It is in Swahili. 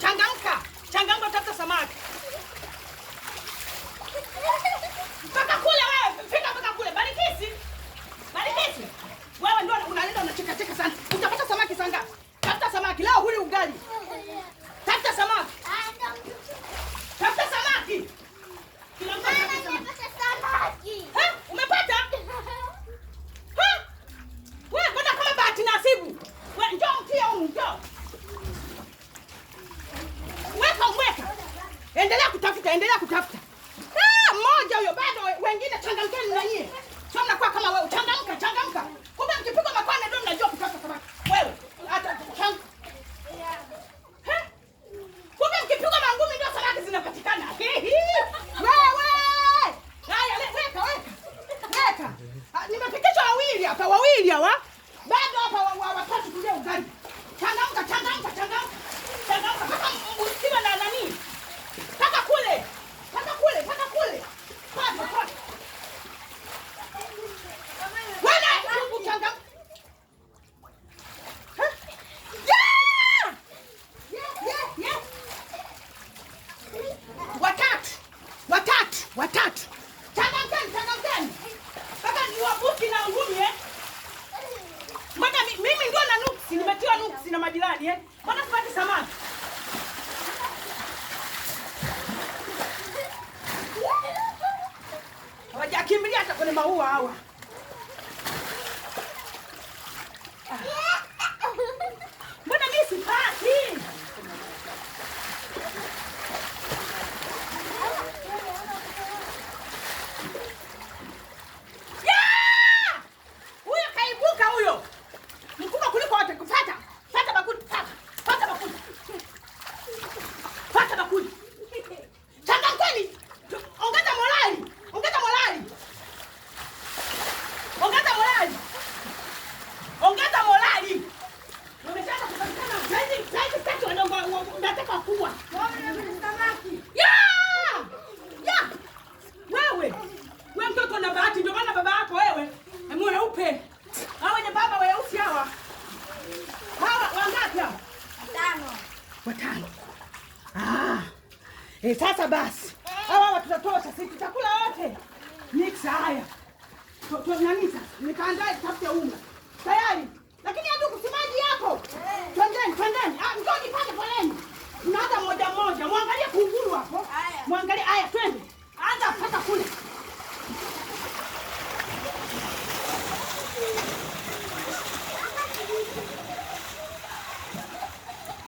Changamka, changamka, tafuta samaki. Endelea kutafuta, endelea kutafuta. Ah, mmoja huyo bado, wengine changamkeni na nyie. na majirani eh? Ya? Mbona sipati samaki? Hawajakimbilia hata kwenye maua hawa. Ah. watano. Ah. Eh, sasa basi hawa tutatosha, si tutakula wote mix. Haya nani sasa, nikaandae tafute unga tayari, lakini